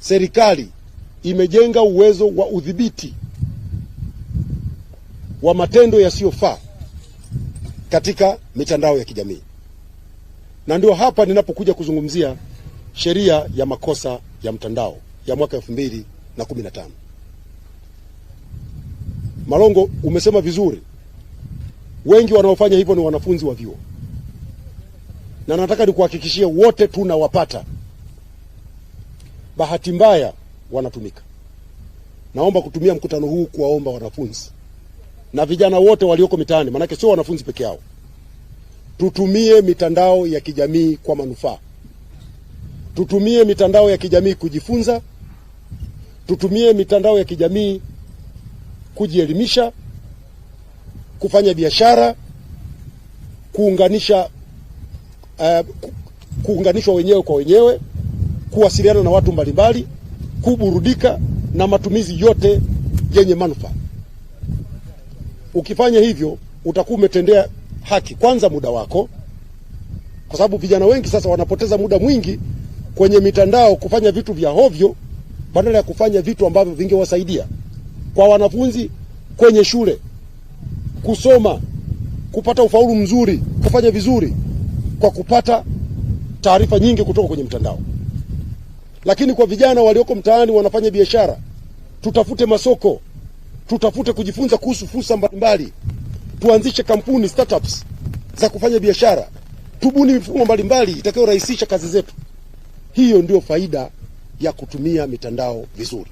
serikali imejenga uwezo wa udhibiti wa matendo yasiyofaa katika mitandao ya kijamii, na ndio hapa ninapokuja kuzungumzia sheria ya makosa ya mtandao ya mwaka elfu mbili na kumi na tano. Malongo, umesema vizuri, wengi wanaofanya hivyo ni wanafunzi wa vyuo, na nataka nikuhakikishie wote tunawapata bahati mbaya wanatumika. Naomba kutumia mkutano huu kuwaomba wanafunzi na vijana wote walioko mitaani, maanake sio wanafunzi peke yao, tutumie mitandao ya kijamii kwa manufaa. Tutumie mitandao ya kijamii kujifunza, tutumie mitandao ya kijamii kujielimisha, kufanya biashara, kuunganisha uh, kuunganishwa wenyewe kwa wenyewe kuwasiliana na watu mbalimbali, kuburudika na matumizi yote yenye manufaa. Ukifanya hivyo utakuwa umetendea haki kwanza muda wako, kwa sababu vijana wengi sasa wanapoteza muda mwingi kwenye mitandao kufanya vitu vya hovyo badala ya kufanya vitu ambavyo vingewasaidia. Kwa wanafunzi kwenye shule, kusoma, kupata ufaulu mzuri, kufanya vizuri kwa kupata taarifa nyingi kutoka kwenye mtandao. Lakini kwa vijana walioko mtaani wanafanya biashara, tutafute masoko, tutafute kujifunza kuhusu fursa mbalimbali, tuanzishe kampuni startups za kufanya biashara, tubuni mifumo mbalimbali itakayorahisisha kazi zetu. Hiyo ndiyo faida ya kutumia mitandao vizuri.